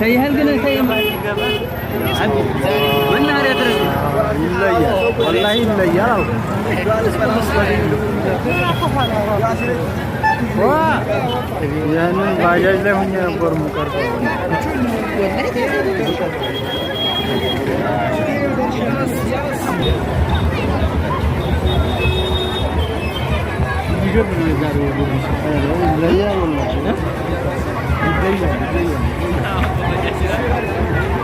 ተይህል ግን ይለያል፣ ወላሂ ባጃጅ ላይ ሆኜ ነበር የምቀርበው። Biliyor musun mezar olduğu için? Evet, o İbrahim Ağa'nın.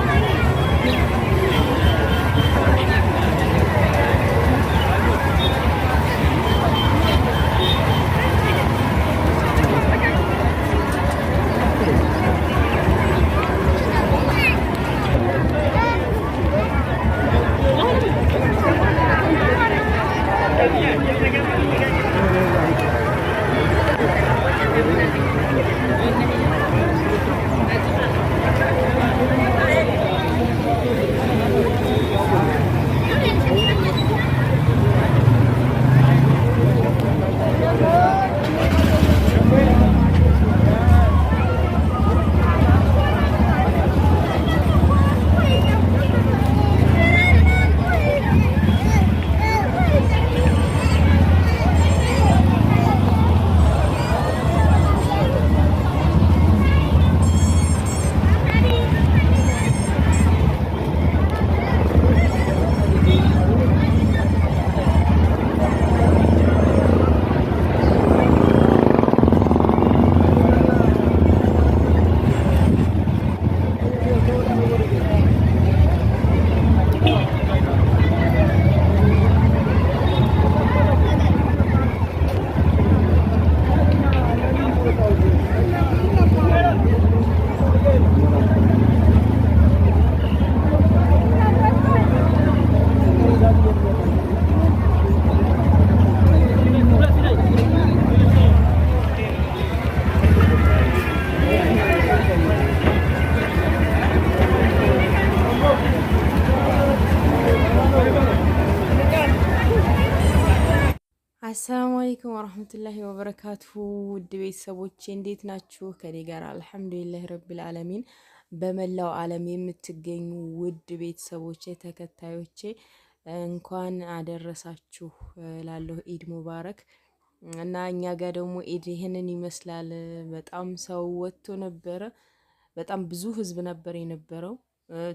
አሰላሙ አሌይኩም ወረህመቱላሂ ወበረካቱሁ ውድ ቤተሰቦቼ እንዴት ናችሁ? ከኔ ጋር አልሐምዱሊላህ ረብል ዓለሚን። በመላው ዓለም የምትገኙ ውድ ቤተሰቦቼ ተከታዮቼ እንኳን አደረሳችሁ ላለሁ ኢድ ሙባረክ እና እኛ ጋር ደግሞ ኢድ ይህንን ይመስላል። በጣም ሰው ወጥቶ ነበረ። በጣም ብዙ ህዝብ ነበር የነበረው።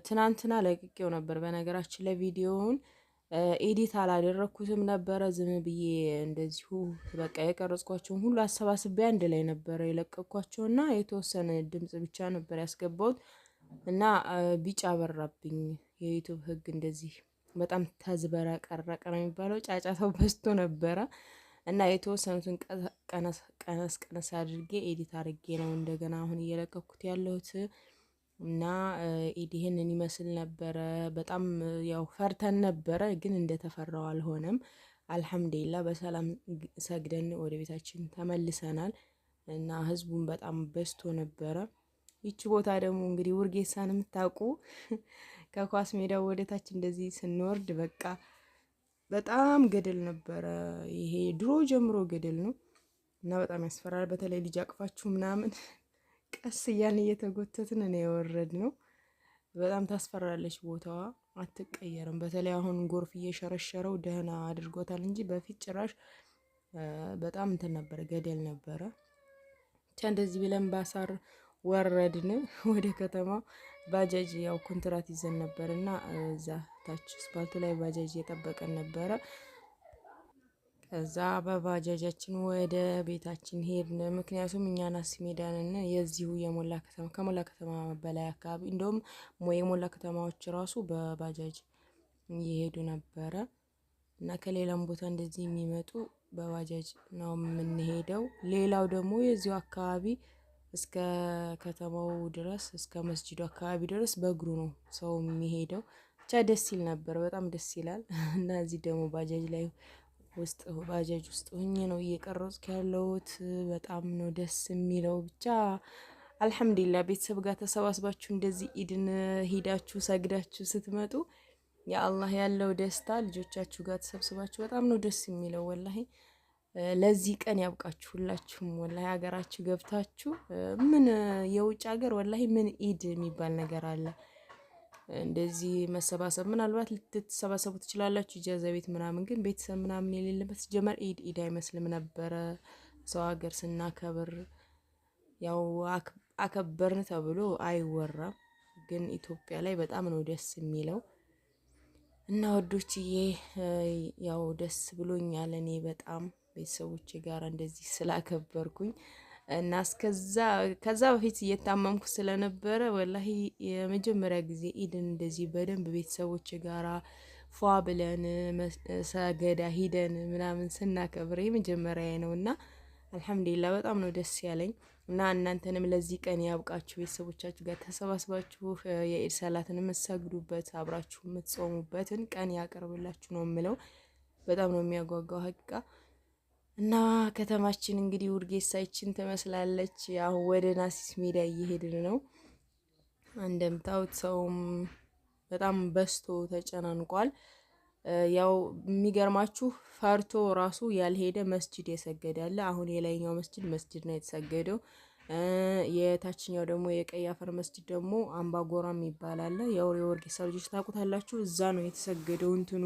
ትናንትና ለቅቄው ነበር በነገራችን ለቪዲዮውን ኤዲት አላደረግኩትም ነበረ። ዝም ብዬ እንደዚሁ በቃ የቀረጽኳቸውን ሁሉ አሰባስቤ አንድ ላይ ነበረ የለቀኳቸው እና የተወሰነ ድምጽ ብቻ ነበር ያስገባሁት እና ቢጫ በራብኝ። የዩቱብ ህግ እንደዚህ በጣም ተዝበረቀረቀ ነው የሚባለው። ጫጫታው በዝቶ ነበረ እና የተወሰኑትን ቀነስ ቀነስ አድርጌ ኤዲት አድርጌ ነው እንደገና አሁን እየለቀኩት ያለሁት። እና ኢድ ይህንን ይመስል ነበረ። በጣም ያው ፈርተን ነበረ፣ ግን እንደተፈራው አልሆነም። አልሐምዱሊላ በሰላም ሰግደን ወደ ቤታችን ተመልሰናል እና ህዝቡን በጣም በዝቶ ነበረ። ይቺ ቦታ ደግሞ እንግዲህ ውርጌሳን የምታውቁ ከኳስ ሜዳ ወደ ታች እንደዚህ ስንወርድ በቃ በጣም ገደል ነበረ። ይሄ ድሮ ጀምሮ ገደል ነው እና በጣም ያስፈራል። በተለይ ልጅ አቅፋችሁ ምናምን ቀስ እያን እየተጎተትን ነው የወረድ ነው። በጣም ታስፈራለች ቦታዋ አትቀየርም። በተለይ አሁን ጎርፍ እየሸረሸረው ደህና አድርጎታል እንጂ በፊት ጭራሽ በጣም እንትን ነበረ፣ ገደል ነበረ። ብቻ እንደዚህ ብለን ባሳር ወረድን ወደ ከተማ። ባጃጅ ያው ኮንትራት ይዘን ነበር እና እዛ ታች አስፓልቱ ላይ ባጃጅ እየጠበቀን ነበረ። ከዛ በባጃጃችን ወደ ቤታችን ሄድን። ምክንያቱም እኛ ናስ ሜዳንና የዚሁ የሞላ ከተማ ከሞላ ከተማ በላይ አካባቢ እንደውም የሞላ ከተማዎች ራሱ በባጃጅ እየሄዱ ነበረ እና ከሌላም ቦታ እንደዚህ የሚመጡ በባጃጅ ነው የምንሄደው። ሌላው ደግሞ የዚሁ አካባቢ እስከ ከተማው ድረስ እስከ መስጂዱ አካባቢ ድረስ በእግሩ ነው ሰው የሚሄደው። ብቻ ደስ ይል ነበር፣ በጣም ደስ ይላል እና እዚህ ደግሞ ባጃጅ ላይ ውስጥ ባጃጅ ውስጥ ሆኜ ነው እየቀረጽኩ ያለሁት። በጣም ነው ደስ የሚለው ብቻ አልሐምዱሊላህ ቤተሰብ ጋር ተሰባስባችሁ እንደዚህ ኢድን ሂዳችሁ ሰግዳችሁ ስትመጡ የአላህ ያለው ደስታ ልጆቻችሁ ጋር ተሰብስባችሁ በጣም ነው ደስ የሚለው። ወላሂ ለዚህ ቀን ያብቃችሁ ሁላችሁም። ወላሂ ሀገራችሁ ገብታችሁ ምን የውጭ ሀገር ወላሂ ምን ኢድ የሚባል ነገር አለ እንደዚህ መሰባሰብ ምናልባት ልትሰባሰቡ ትችላላችሁ። ኢጃዛ ቤት ምናምን ግን ቤተሰብ ምናምን የሌለበት ጀመር ኢድ ኢድ አይመስልም ነበረ። ሰው ሀገር ስናከብር ያው አከበርን ተብሎ አይወራም፣ ግን ኢትዮጵያ ላይ በጣም ነው ደስ የሚለው እና ወዶችዬ ያው ደስ ብሎኛል እኔ በጣም ቤተሰቦቼ ጋር እንደዚህ ስላከበርኩኝ እና እስከዛ ከዛ በፊት እየታመምኩ ስለነበረ ወላሂ የመጀመሪያ ጊዜ ኢድን እንደዚህ በደንብ ቤተሰቦች ጋራ ፏ ብለን ሰገዳ ሂደን ምናምን ስናከብር የመጀመሪያ ነው እና አልሐምዱሊላ በጣም ነው ደስ ያለኝ እና እናንተንም ለዚህ ቀን ያብቃችሁ። ቤተሰቦቻችሁ ጋር ተሰባስባችሁ የኢድ ሰላትን የምትሰግዱበት አብራችሁ የምትጾሙበትን ቀን ያቀርብላችሁ ነው የምለው። በጣም ነው የሚያጓጓው ሀቂቃ እና ከተማችን እንግዲህ ውርጌሳችን ትመስላለች። አሁን ወደ ናሲስ ሜዳ እየሄድን ነው። እንደምታዩት ሰውም በጣም በስቶ ተጨናንቋል። ያው የሚገርማችሁ ፈርቶ ራሱ ያልሄደ መስጅድ የሰገደ አለ። አሁን የላይኛው መስጅድ መስጅድ ነው የተሰገደው። የታችኛው ደግሞ የቀይ አፈር መስጅድ ደግሞ አምባጎራም ይባላል። ያው የወርጌሳ ልጆች ታውቁታላችሁ። እዛ ነው የተሰገደው እንትኑ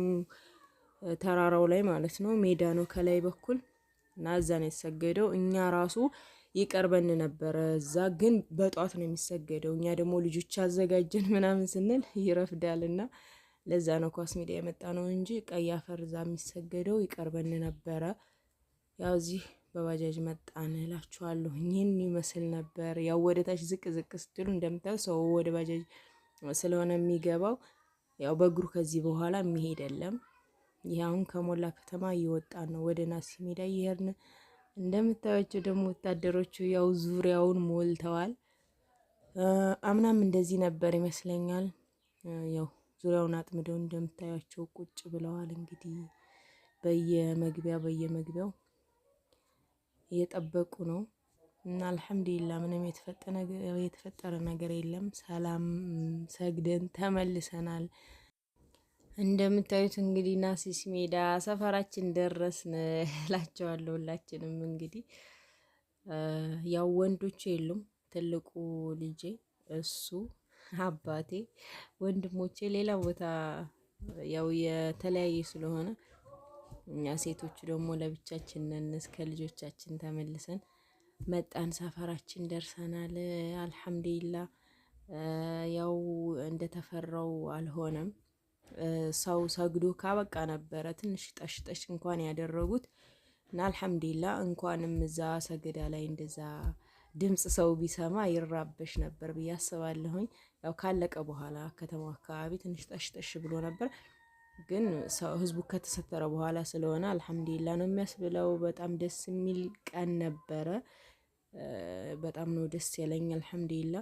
ተራራው ላይ ማለት ነው። ሜዳ ነው ከላይ በኩል እና እዛ ነው የተሰገደው። እኛ ራሱ ይቀርበን ነበረ እዛ፣ ግን በጧት ነው የሚሰገደው። እኛ ደግሞ ልጆች አዘጋጀን ምናምን ስንል ይረፍዳል እና ለዛ ነው ኳስ ሜዳ የመጣ ነው እንጂ ቀይ አፈር እዛ የሚሰገደው ይቀርበን ነበረ። ያው እዚህ በባጃጅ መጣን እላችኋለሁ። ይህን ይመስል ነበር። ያው ወደ ታች ዝቅ ዝቅ ስትሉ እንደምታዩ ሰው ወደ ባጃጅ ስለሆነ የሚገባው ያው በእግሩ ከዚህ በኋላ የሚሄድ የለም። ይህ አሁን ከሞላ ከተማ እየወጣ ነው ወደ ናሲ ሜዳ እየሄድን እንደምታዩቸው ደግሞ ወታደሮቹ ያው ዙሪያውን ሞልተዋል። አምናም እንደዚህ ነበር ይመስለኛል። ያው ዙሪያውን አጥምደው እንደምታያቸው ቁጭ ብለዋል። እንግዲህ በየመግቢያ በየመግቢያው እየጠበቁ ነው እና አልሐምዱሊላ ምንም የተፈጠረ ነገር የለም። ሰላም ሰግደን ተመልሰናል። እንደምታዩት እንግዲህ ናሲስ ሜዳ ሰፈራችን ደረስን እላቸዋለሁ። ሁላችንም እንግዲህ ያው ወንዶች የሉም። ትልቁ ልጄ እሱ፣ አባቴ፣ ወንድሞቼ ሌላ ቦታ ያው የተለያየ ስለሆነ እኛ ሴቶቹ ደግሞ ለብቻችን ነን። እስከ ልጆቻችን ተመልሰን መጣን። ሰፈራችን ደርሰናል። አልሐምዱሊላ ያው እንደተፈራው አልሆነም። ሰው ሰግዶ ካበቃ ነበረ ትንሽ ጠሽጠሽ እንኳን ያደረጉት እና አልሐምዲላ እንኳንም እዛ ሰገዳ ላይ እንደዛ ድምፅ ሰው ቢሰማ ይራበሽ ነበር ብዬ አስባለሁኝ። ያው ካለቀ በኋላ ከተማው አካባቢ ትንሽ ጠሽጠሽ ብሎ ነበር፣ ግን ህዝቡ ከተሰተረ በኋላ ስለሆነ አልሐምዲላ ነው የሚያስብለው። በጣም ደስ የሚል ቀን ነበረ። በጣም ነው ደስ ያለኝ አልሐምዲላ።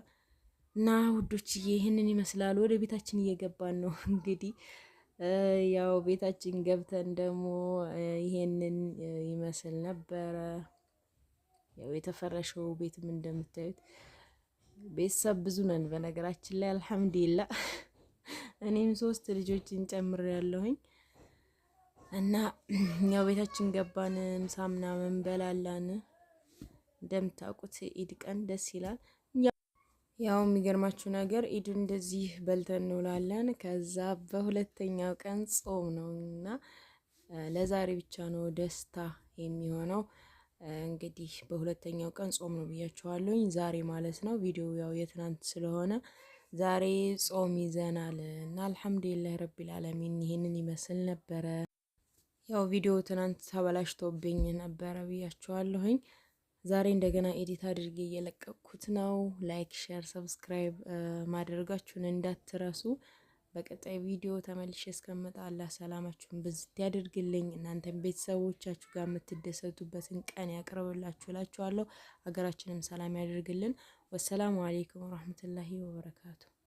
እና ውዶች ይህንን ይመስላል። ወደ ቤታችን እየገባን ነው እንግዲህ ያው ቤታችን ገብተን ደግሞ ይሄንን ይመስል ነበረ። ያው የተፈረሸው ቤትም እንደምታዩት ቤተሰብ ብዙ ነን በነገራችን ላይ አልሐምዱሊላ እኔም ሶስት ልጆችን ጨምር ያለሁኝ እና ያው ቤታችን ገባን። ምሳ ምናምን በላላን። እንደምታውቁት ኢድ ቀን ደስ ይላል። ያው የሚገርማችሁ ነገር ኢድ እንደዚህ በልተን እንውላለን። ከዛ በሁለተኛው ቀን ጾም ነው እና ለዛሬ ብቻ ነው ደስታ የሚሆነው። እንግዲህ በሁለተኛው ቀን ጾም ነው ብያችኋለሁኝ፣ ዛሬ ማለት ነው። ቪዲዮ ያው የትናንት ስለሆነ ዛሬ ጾም ይዘናል እና አልሐምዱሊላህ ረቢል አለሚን ይሄንን ይመስል ነበረ። ያው ቪዲዮ ትናንት ተበላሽቶብኝ ነበረ ብያችኋለሁኝ። ዛሬ እንደገና ኤዲት አድርጌ እየለቀቅኩት ነው። ላይክ፣ ሼር፣ ሰብስክራይብ ማድረጋችሁን እንዳትረሱ። በቀጣይ ቪዲዮ ተመልሼ እስከምመጣ አላህ ሰላማችሁን ብዝት ያደርግልኝ፣ እናንተም ቤተሰቦቻችሁ ጋር የምትደሰቱበትን ቀን ያቅርብላችሁ እላችኋለሁ። ሀገራችንም ሰላም ያደርግልን። ወሰላሙ አሌይኩም ወረህመቱላሂ ወበረካቱ።